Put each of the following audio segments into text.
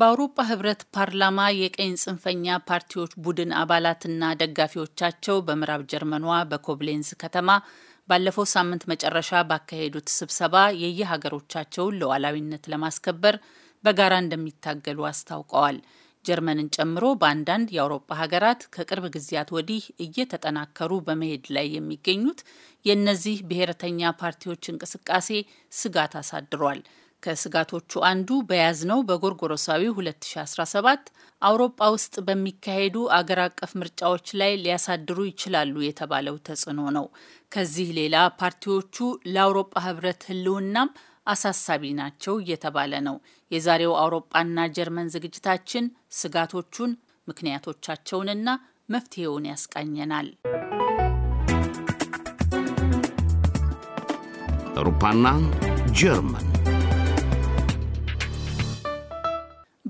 በአውሮፓ ህብረት ፓርላማ የቀኝ ጽንፈኛ ፓርቲዎች ቡድን አባላትና ደጋፊዎቻቸው በምዕራብ ጀርመኗ በኮብሌንዝ ከተማ ባለፈው ሳምንት መጨረሻ ባካሄዱት ስብሰባ የየሀገሮቻቸውን ሉዓላዊነት ለማስከበር በጋራ እንደሚታገሉ አስታውቀዋል። ጀርመንን ጨምሮ በአንዳንድ የአውሮፓ ሀገራት ከቅርብ ጊዜያት ወዲህ እየተጠናከሩ በመሄድ ላይ የሚገኙት የእነዚህ ብሔርተኛ ፓርቲዎች እንቅስቃሴ ስጋት አሳድሯል። ከስጋቶቹ አንዱ በያዝነው በጎርጎሮሳዊ 2017 አውሮፓ ውስጥ በሚካሄዱ አገር አቀፍ ምርጫዎች ላይ ሊያሳድሩ ይችላሉ የተባለው ተጽዕኖ ነው። ከዚህ ሌላ ፓርቲዎቹ ለአውሮፓ ህብረት ህልውናም አሳሳቢ ናቸው እየተባለ ነው። የዛሬው አውሮፓና ጀርመን ዝግጅታችን ስጋቶቹን፣ ምክንያቶቻቸውንና መፍትሄውን ያስቃኘናል። አውሮፓና ጀርመን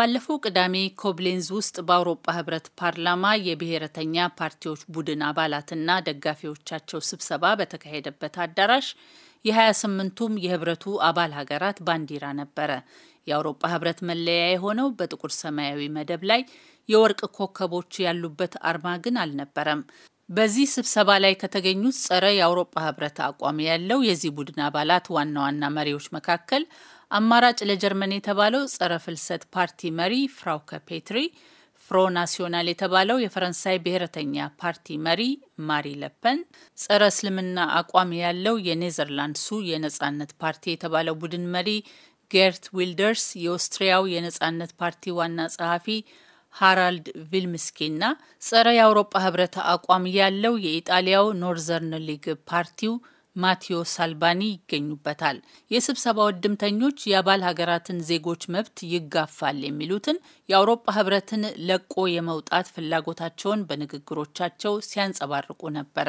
ባለፈው ቅዳሜ ኮብሌንዝ ውስጥ በአውሮፓ ህብረት ፓርላማ የብሔረተኛ ፓርቲዎች ቡድን አባላትና ደጋፊዎቻቸው ስብሰባ በተካሄደበት አዳራሽ የ28ቱም የህብረቱ አባል ሀገራት ባንዲራ ነበረ። የአውሮፓ ህብረት መለያ የሆነው በጥቁር ሰማያዊ መደብ ላይ የወርቅ ኮከቦች ያሉበት አርማ ግን አልነበረም። በዚህ ስብሰባ ላይ ከተገኙት ጸረ የአውሮፓ ህብረት አቋም ያለው የዚህ ቡድን አባላት ዋና ዋና መሪዎች መካከል አማራጭ ለጀርመን የተባለው ጸረ ፍልሰት ፓርቲ መሪ ፍራውከ ፔትሪ ፍሮ ናሲዮናል የተባለው የፈረንሳይ ብሔረተኛ ፓርቲ መሪ ማሪ ለፐን ጸረ እስልምና አቋም ያለው የኔዘርላንድሱ የነጻነት ፓርቲ የተባለው ቡድን መሪ ጌርት ዊልደርስ የኦስትሪያው የነጻነት ፓርቲ ዋና ጸሐፊ ሃራልድ ቪልምስኪና ጸረ የአውሮፓ ህብረት አቋም ያለው የኢጣሊያው ኖርዘርን ሊግ ፓርቲው ማቴዎ ሳልባኒ ይገኙበታል። የስብሰባው እድምተኞች የአባል ሀገራትን ዜጎች መብት ይጋፋል የሚሉትን የአውሮፓ ህብረትን ለቆ የመውጣት ፍላጎታቸውን በንግግሮቻቸው ሲያንጸባርቁ ነበረ።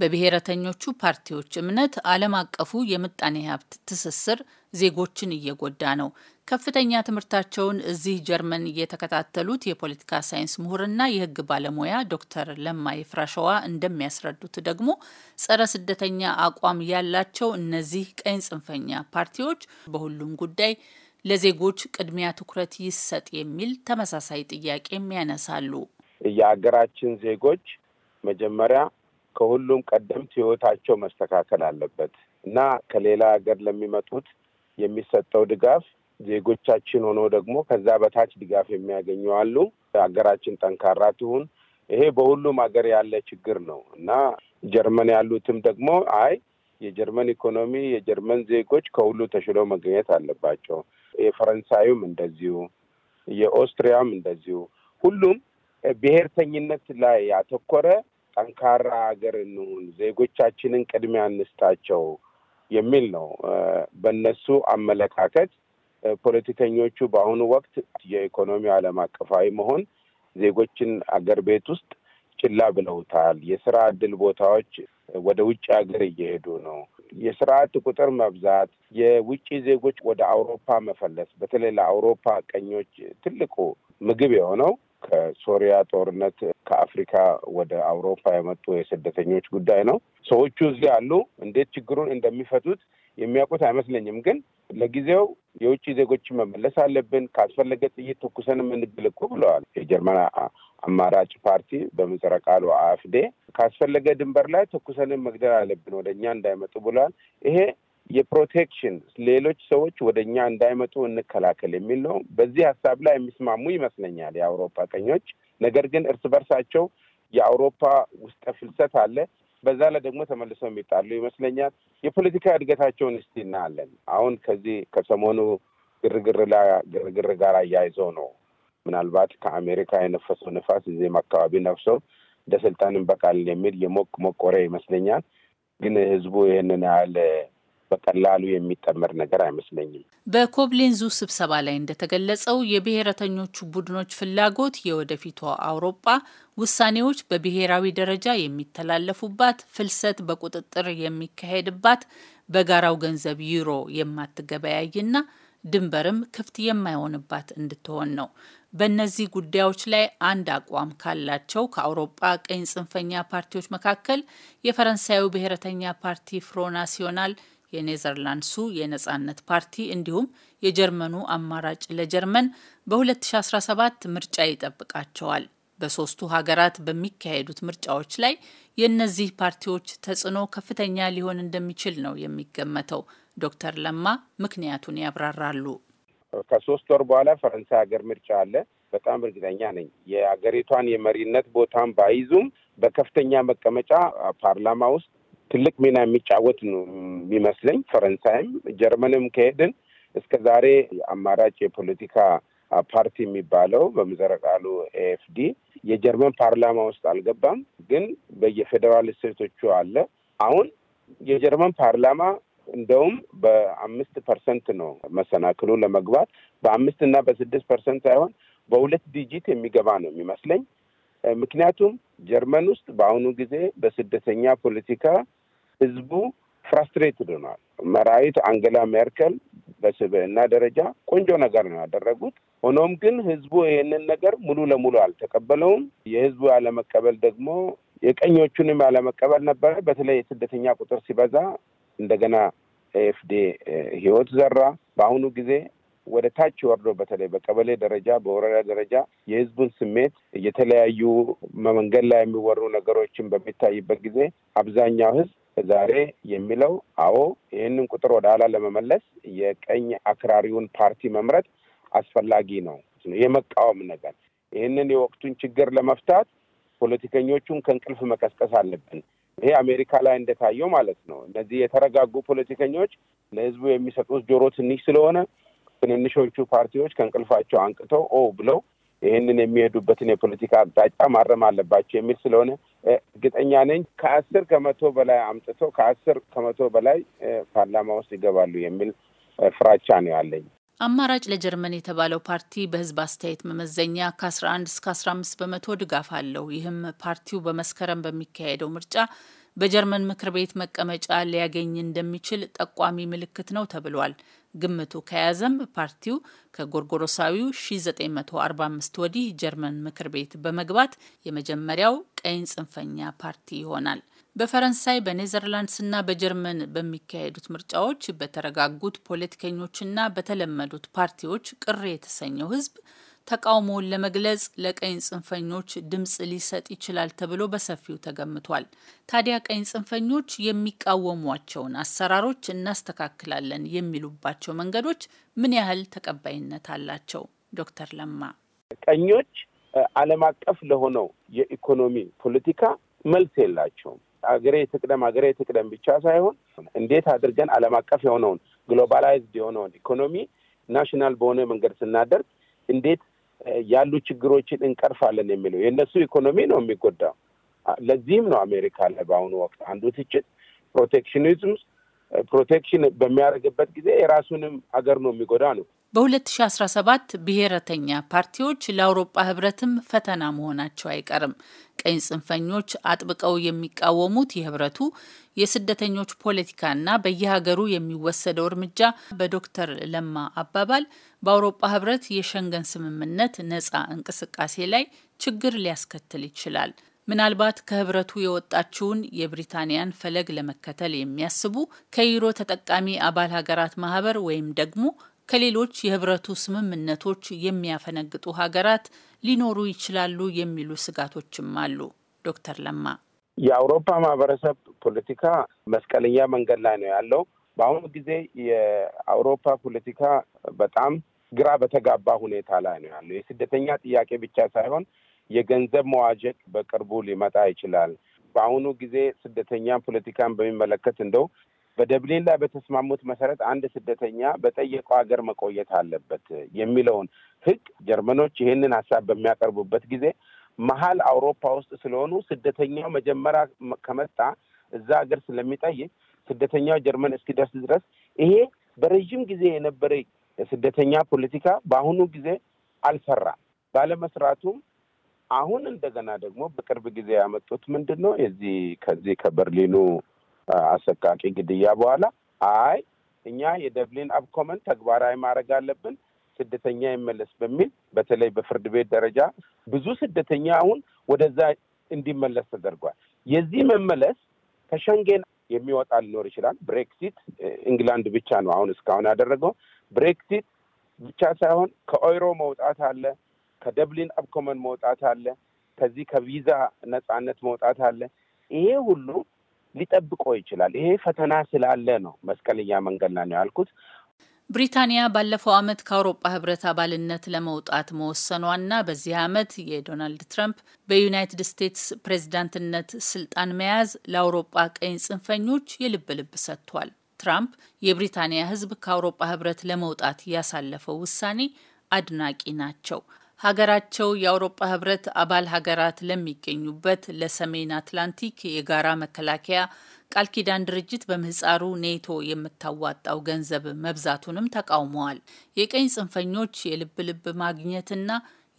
በብሔረተኞቹ ፓርቲዎች እምነት ዓለም አቀፉ የምጣኔ ሀብት ትስስር ዜጎችን እየጎዳ ነው። ከፍተኛ ትምህርታቸውን እዚህ ጀርመን የተከታተሉት የፖለቲካ ሳይንስ ምሁርና የሕግ ባለሙያ ዶክተር ለማ ይፍራሸዋ እንደሚያስረዱት ደግሞ ጸረ ስደተኛ አቋም ያላቸው እነዚህ ቀኝ ጽንፈኛ ፓርቲዎች በሁሉም ጉዳይ ለዜጎች ቅድሚያ ትኩረት ይሰጥ የሚል ተመሳሳይ ጥያቄም ያነሳሉ። የሀገራችን ዜጎች መጀመሪያ ከሁሉም ቀደምት ህይወታቸው መስተካከል አለበት እና ከሌላ ሀገር ለሚመጡት የሚሰጠው ድጋፍ ዜጎቻችን ሆኖ ደግሞ ከዛ በታች ድጋፍ የሚያገኙ አሉ። ሀገራችን ጠንካራ ትሁን። ይሄ በሁሉም ሀገር ያለ ችግር ነው እና ጀርመን ያሉትም ደግሞ አይ የጀርመን ኢኮኖሚ የጀርመን ዜጎች ከሁሉ ተሽለው መገኘት አለባቸው። የፈረንሳዩም እንደዚሁ፣ የኦስትሪያም እንደዚሁ። ሁሉም ብሔርተኝነት ላይ ያተኮረ ጠንካራ ሀገር እንሁን፣ ዜጎቻችንን ቅድሚያ እንስጣቸው የሚል ነው። በነሱ አመለካከት ፖለቲከኞቹ በአሁኑ ወቅት የኢኮኖሚ ዓለም አቀፋዊ መሆን ዜጎችን አገር ቤት ውስጥ ችላ ብለውታል። የስራ እድል ቦታዎች ወደ ውጭ ሀገር እየሄዱ ነው። የስራ አጥ ቁጥር መብዛት፣ የውጭ ዜጎች ወደ አውሮፓ መፈለስ፣ በተለይ ለአውሮፓ ቀኞች ትልቁ ምግብ የሆነው ከሶሪያ ጦርነት ከአፍሪካ ወደ አውሮፓ የመጡ የስደተኞች ጉዳይ ነው። ሰዎቹ እዚህ አሉ። እንዴት ችግሩን እንደሚፈቱት የሚያውቁት አይመስለኝም። ግን ለጊዜው የውጭ ዜጎች መመለስ አለብን፣ ካስፈለገ ጥይት ትኩሰን የምንግልኩ ብለዋል። የጀርመን አማራጭ ፓርቲ በምህጻረ ቃሉ አፍዴ ካስፈለገ ድንበር ላይ ተኩሰንን መግደል አለብን፣ ወደ እኛ እንዳይመጡ ብለዋል። ይሄ የፕሮቴክሽን ሌሎች ሰዎች ወደ እኛ እንዳይመጡ እንከላከል የሚል ነው። በዚህ ሀሳብ ላይ የሚስማሙ ይመስለኛል የአውሮፓ ቀኞች። ነገር ግን እርስ በርሳቸው የአውሮፓ ውስጠ ፍልሰት አለ። በዛ ላይ ደግሞ ተመልሰው የሚጣሉ ይመስለኛል። የፖለቲካ እድገታቸውን እስቲ እናያለን። አሁን ከዚህ ከሰሞኑ ግርግር ግርግር ጋር አያይዘው ነው ምናልባት ከአሜሪካ የነፈሰው ንፋስ እዚህም አካባቢ ነፍሰው እንደ ስልጣን እንበቃለን የሚል የሞቅ ሞቆሪያ ይመስለኛል። ግን ህዝቡ ይህንን ያህል በቀላሉ የሚጠመር ነገር አይመስለኝም። በኮብሊንዙ ስብሰባ ላይ እንደተገለጸው የብሔረተኞቹ ቡድኖች ፍላጎት የወደፊቷ አውሮጳ ውሳኔዎች በብሔራዊ ደረጃ የሚተላለፉባት፣ ፍልሰት በቁጥጥር የሚካሄድባት፣ በጋራው ገንዘብ ዩሮ የማትገበያይና ድንበርም ክፍት የማይሆንባት እንድትሆን ነው። በእነዚህ ጉዳዮች ላይ አንድ አቋም ካላቸው ከአውሮጳ ቀኝ ጽንፈኛ ፓርቲዎች መካከል የፈረንሳዩ ብሔረተኛ ፓርቲ ፍሮ ናሲዮናል የኔዘርላንድሱ የነጻነት ፓርቲ እንዲሁም የጀርመኑ አማራጭ ለጀርመን በ2017 ምርጫ ይጠብቃቸዋል። በሶስቱ ሀገራት በሚካሄዱት ምርጫዎች ላይ የእነዚህ ፓርቲዎች ተጽዕኖ ከፍተኛ ሊሆን እንደሚችል ነው የሚገመተው። ዶክተር ለማ ምክንያቱን ያብራራሉ። ከሶስት ወር በኋላ ፈረንሳይ ሀገር ምርጫ አለ። በጣም እርግጠኛ ነኝ የሀገሪቷን የመሪነት ቦታን ባይዙም በከፍተኛ መቀመጫ ፓርላማ ውስጥ ትልቅ ሚና የሚጫወት ነው የሚመስለኝ። ፈረንሳይም ጀርመንም ከሄድን እስከ ዛሬ አማራጭ የፖለቲካ ፓርቲ የሚባለው በምዘረቃሉ ኤኤፍዲ የጀርመን ፓርላማ ውስጥ አልገባም፣ ግን በየፌዴራል ስቴቶቹ አለ። አሁን የጀርመን ፓርላማ እንደውም በአምስት ፐርሰንት ነው መሰናክሉ ለመግባት በአምስት እና በስድስት ፐርሰንት ሳይሆን በሁለት ዲጂት የሚገባ ነው የሚመስለኝ። ምክንያቱም ጀርመን ውስጥ በአሁኑ ጊዜ በስደተኛ ፖለቲካ ህዝቡ ፍራስትሬትድ ሆኗል። መራዊት አንገላ ሜርከል በስብዕና ደረጃ ቆንጆ ነገር ነው ያደረጉት። ሆኖም ግን ህዝቡ ይህንን ነገር ሙሉ ለሙሉ አልተቀበለውም። የህዝቡ ያለመቀበል ደግሞ የቀኞቹንም ያለመቀበል ነበረ። በተለይ የስደተኛ ቁጥር ሲበዛ እንደገና ኤፍዴ ህይወት ዘራ። በአሁኑ ጊዜ ወደ ታች ወርዶ በተለይ በቀበሌ ደረጃ በወረዳ ደረጃ የህዝቡን ስሜት የተለያዩ መንገድ ላይ የሚወሩ ነገሮችን በሚታይበት ጊዜ አብዛኛው ህዝብ ዛሬ የሚለው አዎ፣ ይህንን ቁጥር ወደ ኋላ ለመመለስ የቀኝ አክራሪውን ፓርቲ መምረጥ አስፈላጊ ነው የመቃወም ነገር። ይህንን የወቅቱን ችግር ለመፍታት ፖለቲከኞቹን ከእንቅልፍ መቀስቀስ አለብን። ይሄ አሜሪካ ላይ እንደታየው ማለት ነው። እነዚህ የተረጋጉ ፖለቲከኞች ለህዝቡ የሚሰጡት ጆሮ ትንሽ ስለሆነ ትንንሾቹ ፓርቲዎች ከእንቅልፋቸው አንቅተው ኦ ብለው ይህንን የሚሄዱበትን የፖለቲካ አቅጣጫ ማረም አለባቸው የሚል ስለሆነ እርግጠኛ ነኝ ከአስር ከመቶ በላይ አምጥተው ከአስር ከመቶ በላይ ፓርላማ ውስጥ ይገባሉ የሚል ፍራቻ ነው ያለኝ። አማራጭ ለጀርመን የተባለው ፓርቲ በህዝብ አስተያየት መመዘኛ ከ11 እስከ 15 በመቶ ድጋፍ አለው። ይህም ፓርቲው በመስከረም በሚካሄደው ምርጫ በጀርመን ምክር ቤት መቀመጫ ሊያገኝ እንደሚችል ጠቋሚ ምልክት ነው ተብሏል። ግምቱ ከያዘም ፓርቲው ከጎርጎሮሳዊው 1945 ወዲህ ጀርመን ምክር ቤት በመግባት የመጀመሪያው ቀኝ ጽንፈኛ ፓርቲ ይሆናል። በፈረንሳይ በኔዘርላንድስና በጀርመን በሚካሄዱት ምርጫዎች በተረጋጉት ፖለቲከኞችና በተለመዱት ፓርቲዎች ቅር የተሰኘው ህዝብ ተቃውሞውን ለመግለጽ ለቀኝ ጽንፈኞች ድምፅ ሊሰጥ ይችላል ተብሎ በሰፊው ተገምቷል። ታዲያ ቀኝ ጽንፈኞች የሚቃወሟቸውን አሰራሮች እናስተካክላለን የሚሉባቸው መንገዶች ምን ያህል ተቀባይነት አላቸው? ዶክተር ለማ ቀኞች ዓለም አቀፍ ለሆነው የኢኮኖሚ ፖለቲካ መልስ የላቸውም። አገሬ ትቅደም አገሬ ትቅደም ብቻ ሳይሆን እንዴት አድርገን ዓለም አቀፍ የሆነውን ግሎባላይዝድ የሆነውን ኢኮኖሚ ናሽናል በሆነ መንገድ ስናደርግ እንዴት ያሉ ችግሮችን እንቀርፋለን የሚለው የእነሱ ኢኮኖሚ ነው የሚጎዳው። ለዚህም ነው አሜሪካ ላይ በአሁኑ ወቅት አንዱ ትችት ፕሮቴክሽኒዝም ፕሮቴክሽን በሚያደርግበት ጊዜ የራሱንም አገር ነው የሚጎዳ ነው። በ2017 ብሔረተኛ ፓርቲዎች ለአውሮጳ ህብረትም ፈተና መሆናቸው አይቀርም። ቀኝ ጽንፈኞች አጥብቀው የሚቃወሙት የህብረቱ የስደተኞች ፖለቲካና በየሀገሩ የሚወሰደው እርምጃ በዶክተር ለማ አባባል በአውሮፓ ህብረት የሸንገን ስምምነት ነጻ እንቅስቃሴ ላይ ችግር ሊያስከትል ይችላል። ምናልባት ከህብረቱ የወጣችውን የብሪታንያን ፈለግ ለመከተል የሚያስቡ ከዩሮ ተጠቃሚ አባል ሀገራት ማህበር ወይም ደግሞ ከሌሎች የህብረቱ ስምምነቶች የሚያፈነግጡ ሀገራት ሊኖሩ ይችላሉ የሚሉ ስጋቶችም አሉ። ዶክተር ለማ የአውሮፓ ማህበረሰብ ፖለቲካ መስቀለኛ መንገድ ላይ ነው ያለው። በአሁኑ ጊዜ የአውሮፓ ፖለቲካ በጣም ግራ በተጋባ ሁኔታ ላይ ነው ያለው። የስደተኛ ጥያቄ ብቻ ሳይሆን የገንዘብ መዋዠቅ በቅርቡ ሊመጣ ይችላል። በአሁኑ ጊዜ ስደተኛ ፖለቲካን በሚመለከት እንደው በደብሊን ላይ በተስማሙት መሰረት አንድ ስደተኛ በጠየቀው ሀገር መቆየት አለበት የሚለውን ህግ ጀርመኖች ይህንን ሀሳብ በሚያቀርቡበት ጊዜ መሀል አውሮፓ ውስጥ ስለሆኑ ስደተኛው መጀመሪያ ከመጣ እዛ ሀገር ስለሚጠይቅ ስደተኛው ጀርመን እስኪደርስ ድረስ ይሄ በረዥም ጊዜ የነበረ የስደተኛ ፖለቲካ በአሁኑ ጊዜ አልሰራ ባለመስራቱም አሁን እንደገና ደግሞ በቅርብ ጊዜ ያመጡት ምንድን ነው የዚህ ከዚህ ከበርሊኑ አሰቃቂ ግድያ በኋላ አይ እኛ የደብሊን አብኮመን ተግባራዊ ማድረግ አለብን ስደተኛ ይመለስ በሚል በተለይ በፍርድ ቤት ደረጃ ብዙ ስደተኛ አሁን ወደዛ እንዲመለስ ተደርጓል። የዚህ መመለስ ከሸንጌን የሚወጣ ሊኖር ይችላል። ብሬክሲት እንግላንድ ብቻ ነው አሁን እስካሁን ያደረገው። ብሬክሲት ብቻ ሳይሆን ከኦይሮ መውጣት አለ፣ ከደብሊን አብኮመን መውጣት አለ፣ ከዚህ ከቪዛ ነፃነት መውጣት አለ። ይሄ ሁሉ ሊጠብቆ ይችላል። ይሄ ፈተና ስላለ ነው መስቀለኛ መንገድ ላይ ነው ያልኩት። ብሪታንያ ባለፈው ዓመት ከአውሮፓ ህብረት አባልነት ለመውጣት መወሰኗና በዚህ ዓመት የዶናልድ ትራምፕ በዩናይትድ ስቴትስ ፕሬዝዳንትነት ስልጣን መያዝ ለአውሮጳ ቀኝ ጽንፈኞች የልብ ልብ ሰጥቷል። ትራምፕ የብሪታንያ ህዝብ ከአውሮፓ ህብረት ለመውጣት ያሳለፈው ውሳኔ አድናቂ ናቸው። ሀገራቸው የአውሮፓ ህብረት አባል ሀገራት ለሚገኙበት ለሰሜን አትላንቲክ የጋራ መከላከያ ቃል ኪዳን ድርጅት በምህፃሩ ኔቶ የምታዋጣው ገንዘብ መብዛቱንም ተቃውመዋል። የቀኝ ጽንፈኞች የልብ ልብ ማግኘትና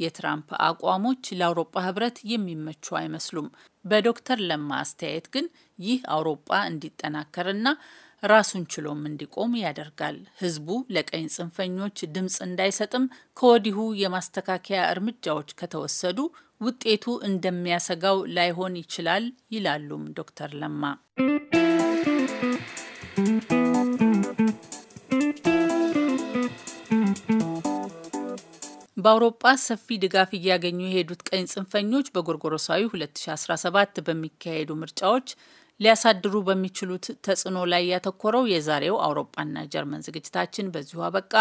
የትራምፕ አቋሞች ለአውሮፓ ህብረት የሚመቹ አይመስሉም። በዶክተር ለማ አስተያየት ግን ይህ አውሮፓ እንዲጠናከርና ራሱን ችሎም እንዲቆም ያደርጋል። ህዝቡ ለቀኝ ጽንፈኞች ድምፅ እንዳይሰጥም ከወዲሁ የማስተካከያ እርምጃዎች ከተወሰዱ ውጤቱ እንደሚያሰጋው ላይሆን ይችላል ይላሉም ዶክተር ለማ። በአውሮጳ ሰፊ ድጋፍ እያገኙ የሄዱት ቀኝ ጽንፈኞች በጎርጎሮሳዊ 2017 በሚካሄዱ ምርጫዎች ሊያሳድሩ በሚችሉት ተጽዕኖ ላይ ያተኮረው የዛሬው አውሮፓና ጀርመን ዝግጅታችን በዚሁ አበቃ።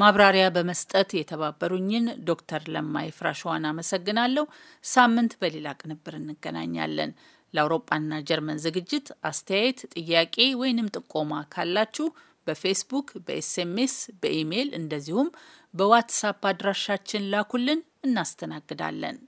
ማብራሪያ በመስጠት የተባበሩኝን ዶክተር ለማይ ፍራሸዋን አመሰግናለሁ። ሳምንት በሌላ ቅንብር እንገናኛለን። ለአውሮፓና ጀርመን ዝግጅት አስተያየት፣ ጥያቄ ወይንም ጥቆማ ካላችሁ በፌስቡክ፣ በኤስኤምኤስ፣ በኢሜይል እንደዚሁም በዋትሳፕ አድራሻችን ላኩልን፣ እናስተናግዳለን።